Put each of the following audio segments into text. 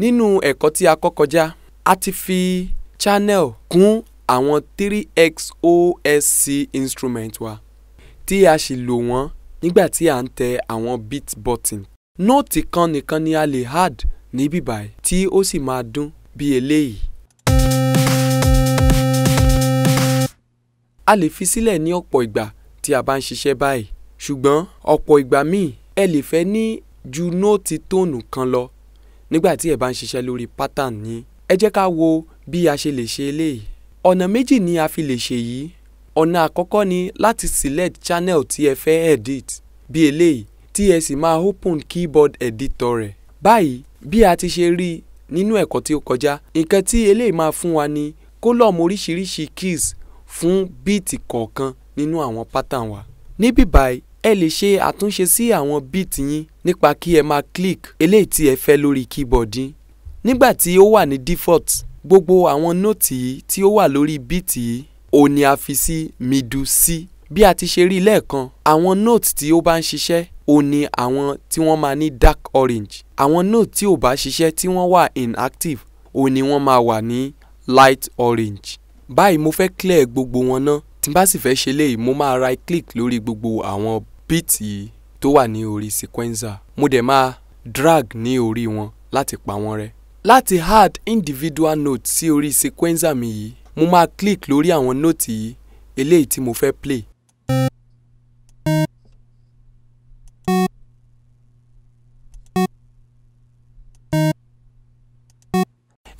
nínú ẹ̀kọ́ tí a kọ́ kọjá a ti fi channel kún àwọn 3xosc instrument wa tí a sì lò wọ́n nígbà tí à ń tẹ àwọn beat button nóòtì kan nìkan ni a lè add ní bíbáyìí tí ó sì máa dún bí eléyìí. a lè fi sílẹ̀ ní ọ̀pọ̀ ìgbà tí a bá ń ṣiṣẹ́ báyìí ṣùgbọ́n ọ̀pọ̀ ìgbà míì ẹ lè fẹ́ ní ju nóòtì tóònù kan lọ nígbà tí ẹ bá ń ṣiṣẹ́ lórí pattern yín ẹ jẹ́ ká wo bí a ṣe lè ṣe eléyìí ọ̀nà méjì ni a fi lè ṣe yìí ọ̀nà àkọ́kọ́ ni láti select channel tí ẹ fẹ́ edit bí eléyìí tí ẹ sì máa open keyboard editor rẹ̀ báyìí bí a ti ṣe rí nínú ẹ̀kọ́ tí ó kọjá nǹkan tí eléyìí máa fún wa ní kólọ́ọ̀mù oríṣiríṣi keys fún bíìtì kọ̀ọ̀kan nínú àwọn pattern wa níbí báyìí ẹ lè ṣe àtúnṣe sí àwọn bit yín nípa kí ẹ máa click eléyìí tí ẹ fẹ́ lórí keyboard yín. nígbà tí ó wà ní default gbogbo àwọn nóòtì yìí tí ó wà lórí bit yìí ò ní a fi sí middle C. bí a ti ṣe rí lẹ́ẹ̀kan àwọn nóòtì tí ó bá ń ṣiṣẹ́ ò ní àwọn tí wọ́n máa ní dark orange àwọn nóòtì tí ò bá ṣiṣẹ́ tí wọ́n wà inactive ò ní wọ́n máa wà ní light orange. báyìí mo fẹ́ clear gbogbo wọn ná tí n bá sì fẹ́ ṣe léyìí mo máa right click lórí gbogbo àwọn beat yìí tó wà ní orí sequenza mo dẹ̀ máa drag ní orí wọn láti pa wọ́n rẹ́ láti add individual note sí orí sequenza mi yìí mo máa click lórí àwọn note yìí eléyìí tí mo fẹ́ play.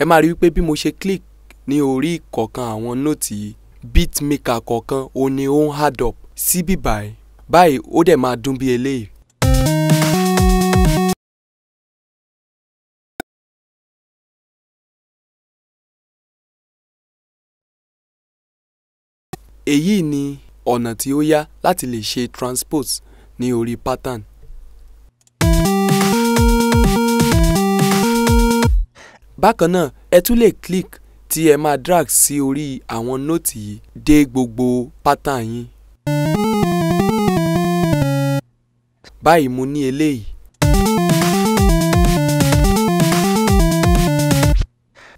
ẹ máa rí wípé bí mo ṣe click ní orí kọ̀ọ̀kan àwọn nóòtì yìí beatmaker kọ̀ọ̀kan ó ní ó ń hard up sí bíbáyìí báyìí ó dẹ̀ máa dún bí eléyìí. èyí ni ọ̀nà tí ó yá láti lè ṣe transpose ní orí pattern. bákan náà ẹ tún lè click tí ẹ máa drag sí orí àwọn nóòtì yìí dé gbogbo pattern yín. báyìí mo ní eléyìí.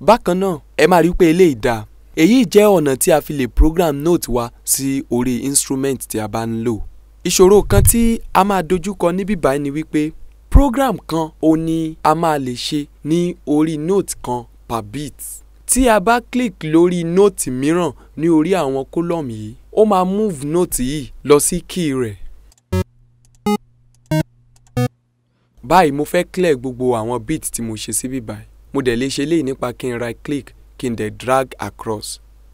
bákan náà ẹ máa rí pé eléyìí dáa èyí jẹ́ ọ̀nà tí a fi lè program note wa sí orí instrument tí a bá ń lò. ìṣòro kan tí a máa dojúkọ níbí báyìí ni wípé program kan ò ní a máa lè ṣe ní orí note kan per beat. tí a bá click lórí note mìíràn ní orí àwọn kólọ́mù yìí ó máa move note yìí lọ sí key rẹ̀. báyìí mo fẹ́ clear gbogbo àwọn beat tí mo ṣe síbí báyìí mo dẹ̀ lè ṣe léyìí nípa kí n right click kí n dẹ̀ drag across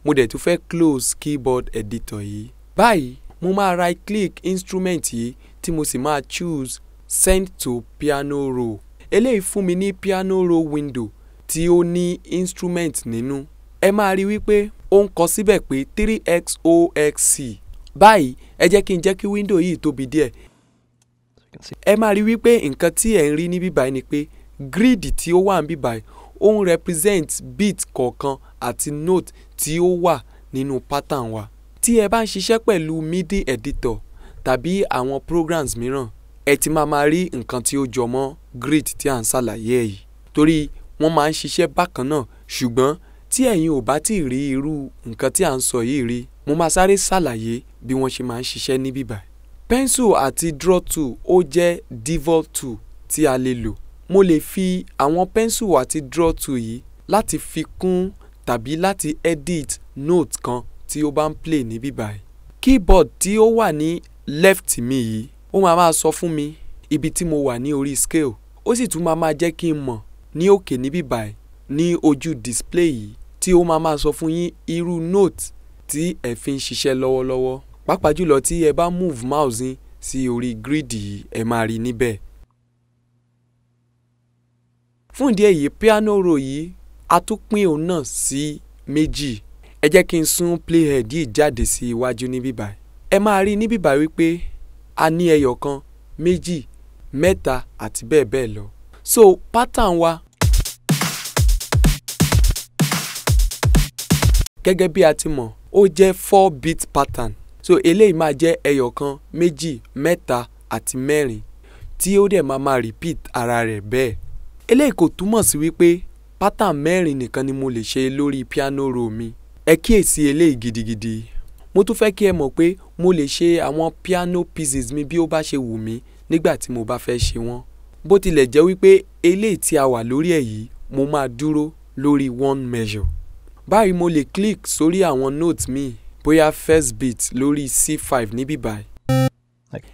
mo dẹ̀ tún fẹ́ close keyboard editor yìí báyìí mo máa right click instrument yìí tí mo sì máa choose send to piano roll eléyìí fún mi ní piano roll window tí ó ní instrument nínú ẹ máa rí wípé ó ń kọ síbẹ̀ pé 3xoxc báyìí ẹ jẹ́ kí n jẹ́ kí window yìí tóbi díẹ̀ ẹ máa rí wípé nǹkan tí ẹ̀ ń rí ní bíbáyìí ni pé grid tí ó wà ní bíbáyìí ó ń represent beat kọ̀ọ̀kan àti note tí ó wà nínú pattern wa. tí ẹ bá ń ṣiṣẹ́ pẹ̀lú midi editor tàbí àwọn programs mìíràn ẹ ti máa máa rí nǹkan tí ó jọ mọ́ grid tí à ń ṣàlàyé yìí torí wọ́n máa ń ṣiṣẹ́ bákan náà ṣùgbọ́n tí ẹ̀yin ò bá tí ì rí irú nǹkan tí à ń sọ yìí rí mo máa sáré ṣàlàyé bí wọ́n ṣe máa ń ṣiṣẹ́ ní bíbáyìí pencil àti draw tool ó jẹ́ devol tool tí a lè lò mo lè fi àwọn pencil àti draw tool yìí láti fi kún tàbí láti edit note kan tí ó bá ń play ní bíbáyìí keyboard tí ó wà ní left mi yìí ó máa máa sọ fún mi ibi tí mo wà ní orí scale ó sì tún máa máa jẹ́ kí n mọ̀ ní òkè ní bíbáyìí ní ojú display yìí tí ó máa máa sọ fún yín irú note tí ẹ fi ń ṣiṣẹ́ lọ́wọ́lọ́wọ́ pàápàá jùlọ tí ẹ bá move mouse yín sí orí grid yìí ẹ máa rí níbẹ̀. fún ìdí èyí piano roll yìí a tún pín òun náà sí méjì ẹ jẹ́ kí n sún playhead yìí jáde sí iwájú ní bíbá ẹ máa rí ní bíbá wípé a ní ẹyọ kan méjì mẹ́ta àti bẹ́ẹ̀ bẹ́ẹ̀ lọ so pattern wa gẹ́gẹ́ bí a ti mọ̀ ó jẹ́ four beat pattern so eléyìí máa jẹ́ ẹyọ kan méjì mẹ́ta àti mẹ́rin tí ó dẹ̀ máa máa repeat ara rẹ̀ bẹ́ẹ̀ eléyìí kò túmọ̀ sí wípé pátá mẹ́rin nìkan ni mo lè ṣe lórí piano roll mi ẹ kíyèsí eléyìí gidigidi mo tún fẹ́ kí ẹ mọ̀ pé mo lè ṣe àwọn piano pieces mi bí ó bá ṣe wù mí nígbà tí mo bá fẹ́ ṣe wọ́n bó tilẹ̀ jẹ́ wípé eléyìí tí a wà lórí ẹ̀ yìí mo máa dúró lórí one measure báyìí mo lè click sórí àwọn notes míì bóyá first beat lórí c5 níbí báyìí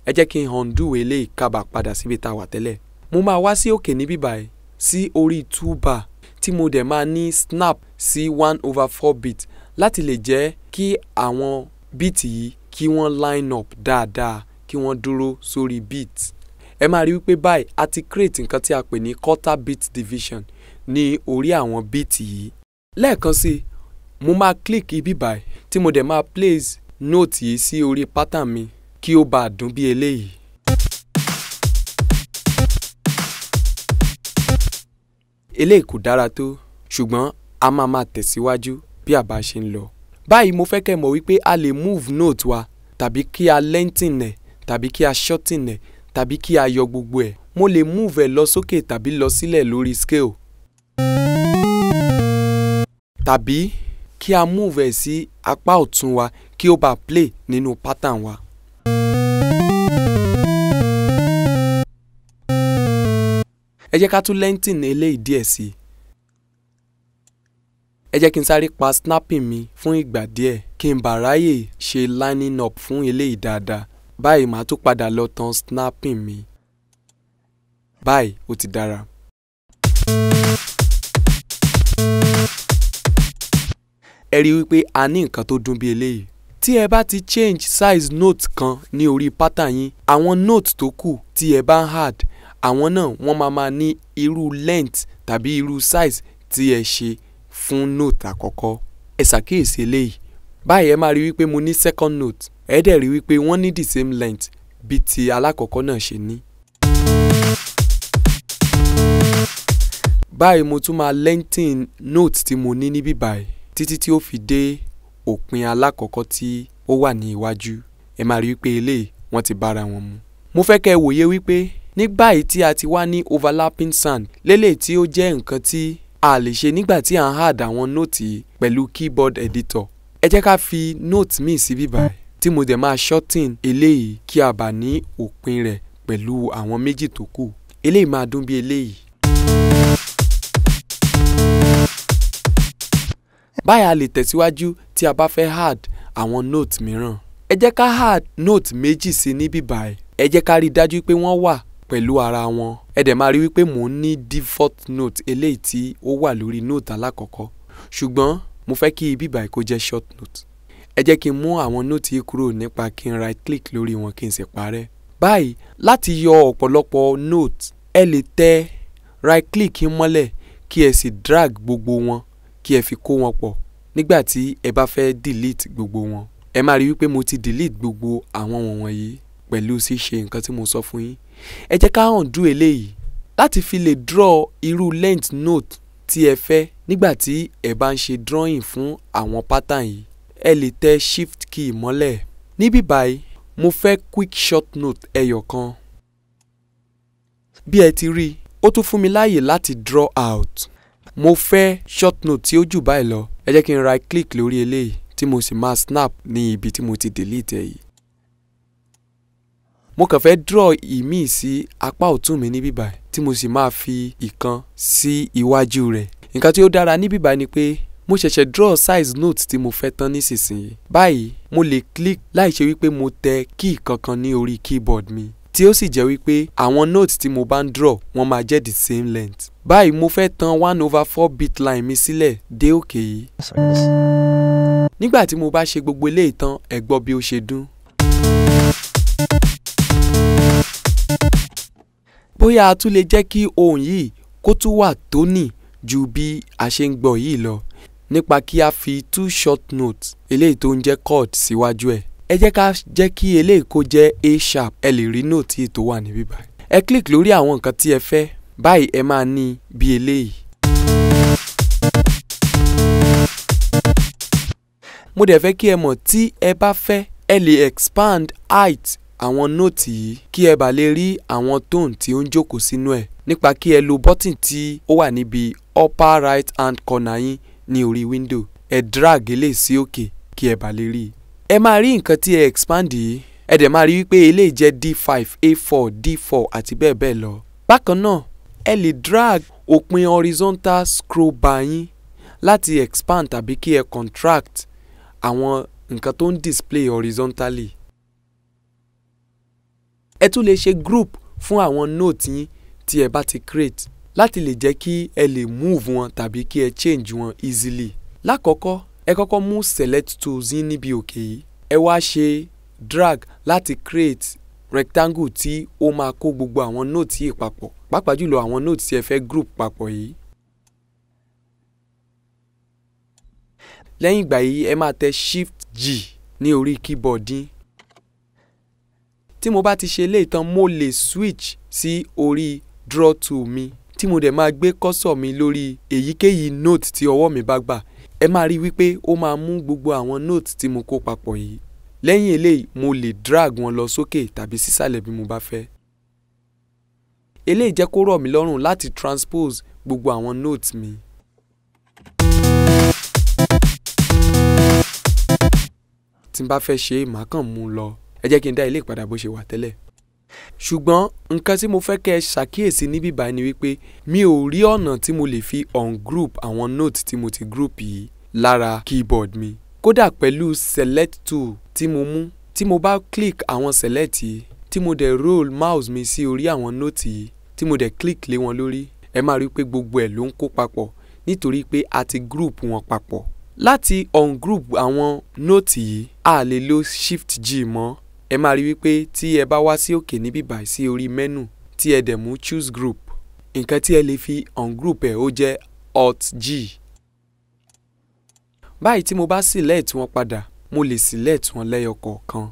ẹ jẹ́ kí n undo eléyìí kábà padà síbi tá a wà tẹ́lẹ̀ mo máa wá sí òkè níbí báyìí sí orí two bar tí mo dẹ̀ máa ní snap sí one over four beat láti lè jẹ́ kí àwọn beat yìí kí wọ́n line up dáadáa kí wọ́n dúró sórí beat ẹ máa rí wípé báyìí a ti create nǹkan tí a pè ní quarter beat division ní orí àwọn beat yìí lẹ́ẹ̀kan sí i mo máa click ibi báyìí tí mo dẹ̀ máa place note yìí sí orí pattern mi kí ó bá dún bí eléyìí. eléyìí kò dára tó ṣùgbọ́n a máa máa tẹ̀síwájú bí a bá ṣe ń lọ. báyìí mo fẹ́ kẹ́ mọ̀ wípé a lè move note wa tàbí kí a lengthen ẹ̀ tàbí kí a shorten ẹ̀ tàbí kí a yọ gbogbo ẹ̀ mo lè move ẹ̀ lọ sókè tàbí lọ sílẹ̀ lórí scale. tàbí kí a move ẹ̀ sí apá ọ̀tún wa kí ó bá play nínú pattern wa. ẹ jẹ́ ká tún lengthen eléyìí díẹ̀ sí i. ẹ jẹ́ kí n sáré pa snapping mi fún ìgbà díẹ̀ kí n bá ráyè ṣe lining up fún eléyìí dáadáa báyìí màá tún padà lọ tan snapping mi báyìí ó ti dára. ẹ rí wípé a ní nǹkan tó dún bí eléyìí tí ẹ bá ti change size note kan ní orí pattern yín àwọn note tó kù tí ẹ bá ń add àwọn náà wọ́n máa ma ní irú length tàbí irú size tí ẹ ṣe fún note àkọ́kọ́ ẹ ṣàkíyèsí eléyìí báyìí ẹ máa rí wípé mo ní second note ẹ dẹ̀ rí wípé wọ́n ní the same length bí ti alákọ̀ọ́kọ́ náà ṣe ní. báyìí mo tún máa lengthen note tí mo ní níbí báyìí títí tí ó fi dé òpin alákọ̀ọ́kọ́ tí ó wà ní iwájú ẹ máa rí wípé eléyìí wọ́n ti bára wọn mu. mo fẹ́ kẹ́ ẹ wòye wípé ní báyìí tí a ti wá ní overlapping sound lélẹ̀ tí ó jẹ́ nǹkan tí a lè ṣe nígbà tí à ń hard àwọn nóòtì pẹ̀lú keyboard editor ẹ jẹ́ ká fi nóòtì míì síbí báyìí tí mo dẹ̀ máa shorten eléyìí kí a bá ní òpin rẹ̀ pẹ̀lú àwọn méjì tó kù eléyìí máa dún bí eléyìí báyà lè tẹ̀síwájú tí a bá fẹ́ hard, àwọn note mìíràn ẹ jẹ́ ká add note méjì sí níbí báyìí ẹ jẹ́ ká rí i dájú pé wọ́n wà pẹ̀lú ara wọn ẹ dẹ̀ máa rí wípé mò ń ní default note eléyìí tí ó wà lórí note alákọ̀ọ́kọ́ ṣùgbọ́n mo fẹ́ kí ibi báyìí kó jẹ́ short note ẹ jẹ́ kí n mú àwọn note yìí kúrò nípa kí n right click lórí wọn kí n sì parẹ́ báyìí láti yọ ọ̀pọ̀lọpọ̀ note ẹ lè tẹ right click mọ́lẹ̀ kí ẹ sì drag gbogbo wọn kí ẹ fi kó wọn pọ̀ nígbà tí ẹ bá fẹ́ delete gbogbo wọn ẹ máa rí wípé mo ti delete gbogbo àwọn wọ̀nyí pẹ̀lú ṣíṣe nǹkan tí mo sọ fún yín ẹ jẹ́ ká undo eléyìí láti fi lè draw irú length note tí ẹ fẹ́ nígbà tí ẹ bá ń ṣe drawing fún àwọn pattern yìí ẹ lè tẹ shift key mọ́lẹ̀ níbí báyìí mo fẹ́ quick short note ẹyọ kan bí ẹ ti rí i ó tún fún mi láàyè láti draw out mo fẹ́ short note tí ó jù báyìí lọ ẹ jẹ́ kí n right click lórí eléyìí tí mo sì máa snap ní ibi tí mo ti delete ẹ̀ yìí mo kàn fẹ́ draw ìmíì sí apá ọ̀tún mi níbí báyìí tí mo sì máa fi ìkan sí iwájú rẹ̀ nǹkan tí ó dára níbí báyìí ni pé mo ṣẹ̀ṣẹ̀ draw size note tí mo fẹ́ tán nísinsìnyí báyìí mo lè click láì ṣe wípé mo tẹ key kankan ní orí keyboard mi tí ó sì jẹ́ wípé àwọn note tí mo bá ń draw wọ́n máa jẹ́ the same length. báyìí mo fẹ́ tan one over four beat line mi sílẹ̀ dé òkè yìí. nígbà tí mo bá ṣe gbogbo eléyìí tán ẹ gbọ́ bí ó ṣe dún. bóyá a tún lè jẹ́ kí ohùn yìí kó tún wà tóní ju bí a ṣe ń gbọ́ yìí lọ nípa kí a fi two short notes eléyìí tó ń jẹ́ chord síwájú ẹ̀ ẹ jẹ́ ká jẹ́ kí eléyìí kó jẹ́ a sharp ẹ lè rí nóòtì tó wà níbí báyìí ẹ click lórí àwọn nǹkan tí ẹ fẹ́ báyìí ẹ máa ní bí eléyìí. mo dẹ̀ fẹ́ kí ẹ mọ̀ tí ẹ bá fẹ́ ẹ lè expand height àwọn nóòtì yìí kí ẹ bá lè rí àwọn tone tí ó ń jókòó sínú ẹ̀ nípa kí ẹ lo button tí ó wà níbi upper right hand corner yín ní orí window ẹ drag eléyìí sí òkè kí ẹ bá lè rí i ẹ máa rí nǹkan tí ẹ expand yìí ẹ dẹ̀ máa rí wípé eléyìí jẹ́ d5 a4 d4 àti bẹ́ẹ̀ bẹ́ẹ̀ lọ. bákan náà ẹ lè drag òpin horizontal scroll bar yín láti expand tàbí kí ẹ contract àwọn nǹkan tó ń display horizontally. ẹ tún lè ṣe group fún àwọn note yín tí ẹ bá ti create láti lè jẹ́ kí ẹ lè move wọn tàbí kí ẹ change wọn easily. lákọ̀ọ́kọ́ ẹ kọ́kọ́ mú select tools yín níbi òkè yìí ẹ wá ṣe drag láti create rectangle tí ó máa kó gbogbo àwọn notes yìí papọ̀ pàápàá jùlọ àwọn notes tí ẹ fẹ́ group papọ̀ yìí. lẹ́yìn ìgbà yìí ẹ máa tẹ shift g ní orí keyboard yín tí mo bá ti ṣe eléyìí tán mo lè switch sí orí draw tool mi tí mo dẹ̀ máa gbé cursor mi lórí èyíkéyìí note tí ọwọ́ mi bá gbà ẹ máa rí wípé ó máa mú gbogbo àwọn note tí mo kó papọ̀ yìí lẹ́yìn eléyìí mo lè drag wọn lọ sókè tàbí sísàlẹ̀ bí mo bá fẹ́. eléyìí jẹ́ kó rọ̀ mí lọ́rùn láti transpose gbogbo àwọn notes mi. tí n bá fẹ́ ṣe é màá kàn mú un lọ ẹ jẹ́ kí n dá ilé ìpadà bó ṣe wà tẹ́lẹ̀ ṣùgbọ́n nǹkan tí mo fẹ́ kẹ́ ẹ ṣàkíyèsí níbí báyìí ni wípé mi ò rí ọ̀nà tí mo lè fi ungroup àwọn note tí mo ti group yìí lára keyboard mi kódà pẹ̀lú select tool tí mo mú tí mo bá click àwọn select yìí tí mo dẹ̀ roll mouse mi sí orí àwọn note yìí tí mo dẹ̀ click lé wọn lórí ẹ máa rí i pé gbogbo ẹ̀ ló ń kó papọ̀ nítorí pé a ti group wọn papọ̀ láti ungroup àwọn note yìí a lè lo shift g mọ́ ẹ máa rí wípé tí ẹ bá wá sí òkè níbí báyìí sí orí mẹ́nù tí ẹ dẹ̀ choose group nǹkan tí ẹ lè fi ungroup ẹ̀ ó jẹ́ alt g. báyìí tí mo bá select wọn padà mo lè select wọn lẹ́yọ kọ̀ọ̀kan.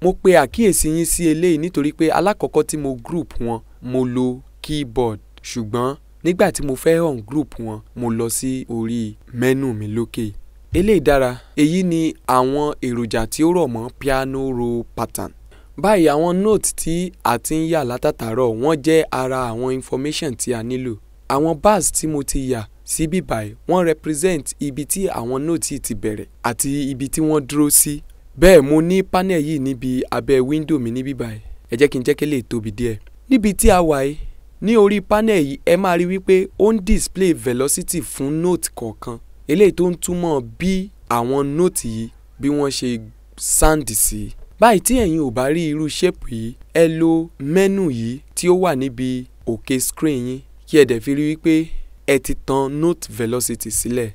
mo pe àkíyèsí yín sí eléyìí nítorí pé alákọ̀ọ́kọ́ tí mo group wọn mo lo keyboard ṣùgbọ́n nígbà tí mo fẹ́ group wọn mo lọ sí orí mẹ́nù mi lókè eléyìí dára èyí ni àwọn èròjà tí ó rọ̀ mọ́ piano roll pattern báyìí àwọn note tí a ti ń yà látàtàrọ̀ wọ́n jẹ́ ara àwọn information tí a nílò àwọn bars tí mo ti yà sí bíbáyìí wọ́n represent ibi tí àwọn note ti bẹ̀rẹ̀ àti ibi tí wọ́n dúró sí bẹ́ẹ̀ mo ní panel yìí níbi abẹ́ window mi ní bíbáyìí ẹ jẹ́ kí n jẹ́ kí lè tóbi díẹ̀ níbi tí a wà yìí ní orí panel yìí ẹ máa rí wípé ó ń display velocity fún note kọ̀ọ̀kan eléyìí tó ń túmọ̀ bí àwọn nóòtì yìí bí wọ́n ṣe sáǹdì sí i. báyìí tí ẹ̀yin ò bá rí irú ṣépù yìí ẹ lo mẹ́nù yìí tí ó wà níbi òkè screen yín kí ẹ dẹ̀ fi rí wípé ẹ ti tan note velocity sílẹ̀.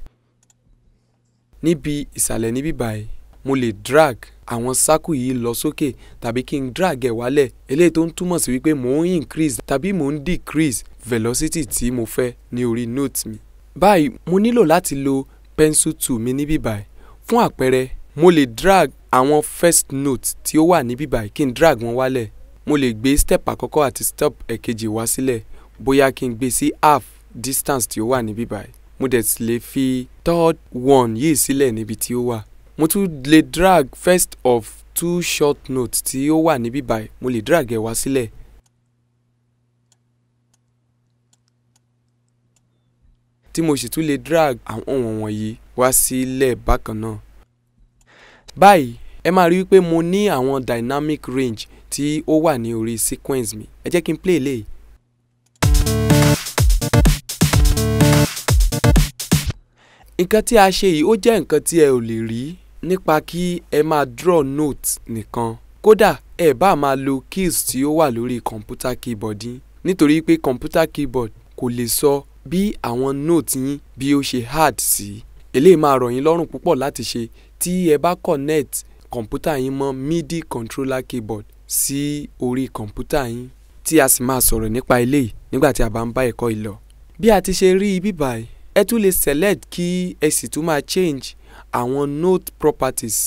níbi ìsàlẹ̀ níbí báyìí mo lè drag àwọn sákù yìí lọ sókè tàbí kí n drag ẹ̀ wálẹ̀ eléyìí tó ń túmọ̀ sí wípé mò ń increase tàbí mò ń decrease velocity tí mo fẹ́ ní orí note mi báyìí mo nílò láti lo pencil tool mi níbí báyìí fún àpẹẹrẹ mo lè drag àwọn first note tí ó wà níbí báyìí kí n drag wọn wálẹ̀ mo lè gbé step àkọ́kọ́ àti step ẹ̀kejì wá sílẹ̀ bóyá kí n gbé sí half distance tí ó wà níbí báyìí mo dẹ̀ sì lè fi third one yìí sílẹ̀ níbi tí ó wà mo tún lè drag first of two short notes tí ó wà níbí báyìí mo lè drag ẹ̀ wá sílẹ̀ tí mo sì tún lè drag àwọn wọ̀nyí wá sílẹ̀ bákan náà. báyìí ẹ máa rí wípé mo ní àwọn dynamic range tí ó wà ní orí sequence mi ẹ jẹ́ kí n play eléyìí. nǹkan tí a ṣe yìí ó jẹ́ nǹkan tí ẹ ò lè rí nípa kí ẹ máa draw note nìkan kódà ẹ bá máa lo keys tí ó wà lórí computer keyboard yín nítorí pé computer keyboard kò lè sọ bí àwọn nóòtì yín bí ó ṣe hard sí eléyìí máa rọ̀ yín lọ́rùn púpọ̀ láti ṣe tí ẹ bá connect kọ̀ǹpútà yín mọ́ midi controller keyboard sí orí kọ̀ǹpútà yín tí a sì máa sọ̀rọ̀ nípa eléyìí nígbà tí a bá ń bá ẹ̀kọ́ yìí lọ. bí a ti ṣe rí ibi báyìí ẹ tún lè select kí ẹ sì tún máa change àwọn note properties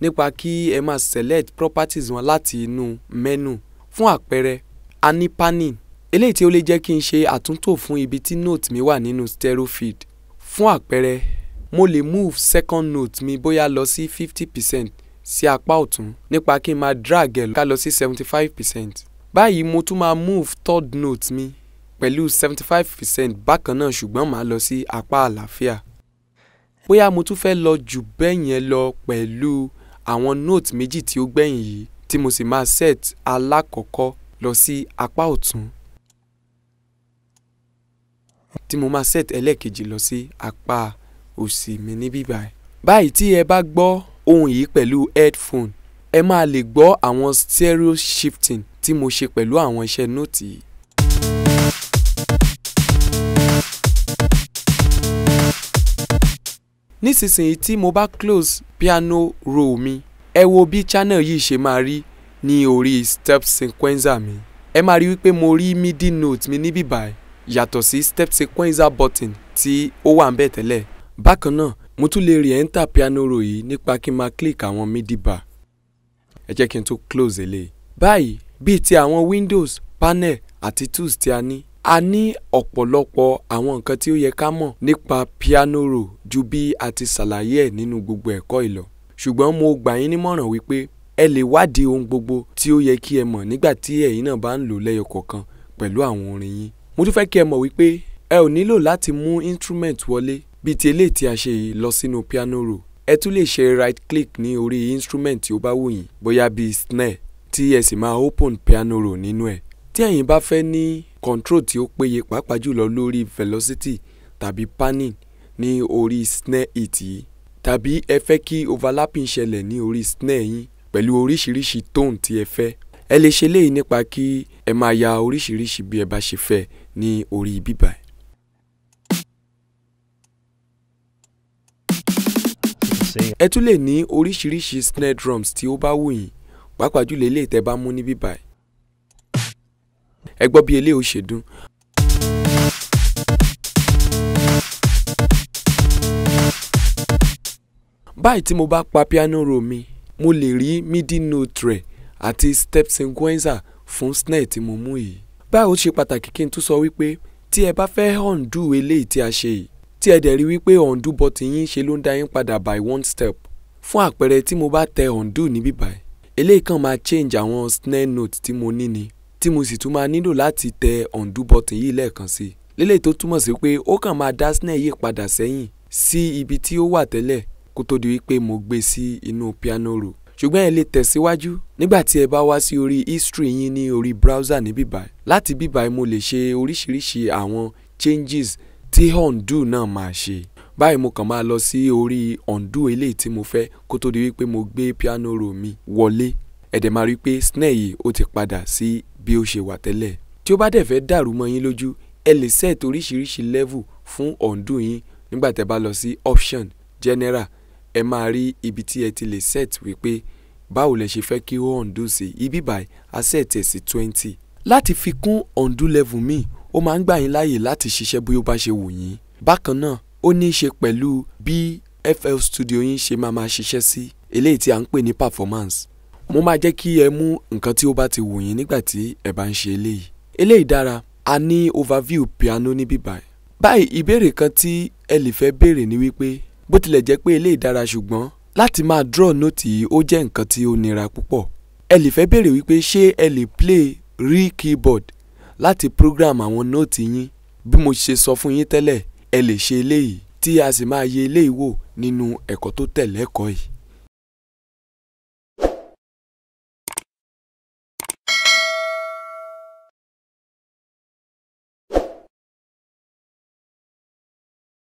nípa kí ẹ máa select properties wọn láti inú menu fún àpẹẹrẹ a ní eléyìí tí ó lè jẹ́ kí n ṣe àtúntò fún ibi tí note mi wà nínú stereo field fún àpẹẹrẹ mo lè move second note mi bóyá lọ sí fifty percent sí apá ọ̀tún nípa kí n máa drag ẹ̀ ká lọ sí seventy five percent báyìí mo tún máa move third note mi pẹ̀lú seventy five percent bákan náà ṣùgbọ́n màá lọ sí apá àlàáfíà bóyá mo tún fẹ́ lọ jù bẹ́ẹ̀ yẹn lọ pẹ̀lú àwọn note méjì tí ó gbẹ̀yìn yìí tí mo sì máa set alákọ̀ọ́kọ́ lọ sí apá ọ̀tún tí mo máa set ẹlẹ́ẹ̀kejì lọ sí apá òsì mi níbí báyìí. báyìí tí ẹ bá gbọ́ ohun yìí pẹ̀lú headphone ẹ máa lè gbọ́ àwọn stereo shifting tí mo ṣe pẹ̀lú àwọn iṣẹ́ nóòtì yìí. nísinsìnyí tí mo bá close piano roll mi ẹ wo bí channel yìí ṣe máa rí ní orí step sequencer mi ẹ máa rí wípé mo rí midi note mi níbí báyìí yàtọ̀ sí step sequencer button tí ó wà ń bẹ̀ tẹ́lẹ̀. bákan náà mo tún lè re-enter piano roll yìí nípa kí n máa click àwọn midi bar ẹ jẹ́ kí n tún close eléyìí. E. báyìí bíi ti àwọn windows panel àti tools tí a ní a ní ọ̀pọ̀lọpọ̀ àwọn nǹkan tí ó yẹ ká mọ̀ nípa piano roll ju bí a ti ṣàlàyé ẹ̀ nínú gbogbo ẹ̀kọ́ ìlọ ṣùgbọ́n mo gbà yín nímọ̀ràn wípé ẹ lè wádìí ohun gbogbo tí ó yẹ kí ẹ mọ̀ nígbà tí ẹ̀yin náà bá ń lò lẹ́yọ pẹ̀lú àwọn orin yín mo tún fẹ́ kí ẹ mọ̀ wípé ẹ ò nílò láti mú instrument wọlé bíi ti eléyìí tí a ṣe yìí lọ sínú piano roll ẹ tún lè ṣe right click ní orí instrument tí ó bá wù yín bóyá bíi snare tí ẹ sì máa open piano roll nínú ẹ̀ tí ẹ̀yin bá fẹ́ ní control tí ó péye pàápàá jùlọ lórí velocity tàbí panning ní orí snare hit yìí tàbí ẹ fẹ́ kí overlapping ṣẹlẹ̀ ní orí snare yín pẹ̀lú oríṣiríṣi tone tí ẹ fẹ́ ẹ lè ṣe léyìí nípa kí ẹ máa ya oríṣiríṣi bí ẹ bá ṣe fẹ́ ní orí bíbà. ẹ tún lè ní oríṣiríṣi snare drums tí ó bá wù yín pàápàá jùlọ eléyìí tẹ́ bá mú ní bíbà. ẹ gbọ́ bí eléyìí ó ṣe dún. báyìí tí mo bá pa piano roll mi mo lè rí midi note rẹ̀ àti Stephenguenza fún snare tí mo mú yìí. báwo ṣe pàtàkì kí n tún sọ wípé tí ẹ bá fẹ́ undo eléyìí tí a ṣe yìí tí ẹ dẹ̀ rí wípé undo bọ́tì yín ṣe ló ń dá yín padà by one step fún àpẹẹrẹ tí mo bá tẹ undo níbí báyìí eléyìí kan máa change àwọn snare note tí mo ní ni tí mo sì tún máa nílò láti tẹ undo bọ́tì yìí lẹ́ẹ̀kan sí i lélẹ̀ tó túmọ̀ sí pé ó kàn máa dá snare yìí padà sẹ́yìn sí ibi tí ó wà tẹ́lẹ̀ kó tó di wípé mo gbé sí inú piano roll ṣùgbọ́n ẹ lè tẹ̀síwájú nígbà tí ẹ bá wá sí orí history yín ní orí browser ní bíbáyìí láti bíbáyìí mo lè ṣe oríṣiríṣi àwọn changes tí undo náà máa ṣe báyìí mo kàn máa lọ sí orí undo eléyìí tí mo fẹ́ kó tó di wípé mo gbé piano roll mi wọlé ẹ dẹ̀ máa rí i pé snare yìí ó ti padà sí bí ó ṣe wà tẹ́lẹ̀ tí ó bá dẹ̀ fẹ́ dàrú mọ́ yín lójú ẹ lè set oríṣiríṣi level fún undo yín nígbà tẹ́ bá lọ sí option general ẹ máa rí ibi tí ẹ ti lè set wípé báwo lẹ ṣe fẹ́ kí ó undo sí ibi báyìí a set ẹ̀ sí twenty. láti fi kún undo level míì ó máa ń gbà yín láàyè láti ṣiṣẹ́ bí ó bá ṣe wù yín. bákan náà ó ní í ṣe pẹ̀lú bí FL Studio yín ṣe máa máa ṣiṣẹ́ sí eléyìí tí a ń pè ní performance. mo máa jẹ́ kí ẹ mú nǹkan tí ó bá ti wù yín nígbà tí ẹ bá ń ṣe eléyìí. eléyìí dára a ní overview piano níbí báyìí. báyìí ìbéèrè kan tí ẹ lè fẹ́ béèrè ni wípé bó tilẹ̀ jẹ́ pé eléyìí dára ṣùgbọ́n láti máa draw note yìí ó jẹ́ nǹkan tí ó nira púpọ̀ ẹ lè fẹ́ béèrè wípé ṣé ẹ lè play rí keyboard láti program àwọn nóòtì yín bí mo ṣe sọ fún yín tẹ́lẹ̀ ẹ lè ṣe eléyìí tí a sì máa yẹ̀ eléyìí wò nínú ẹ̀kọ́ tó tẹ̀lé ẹ̀kọ́ yìí.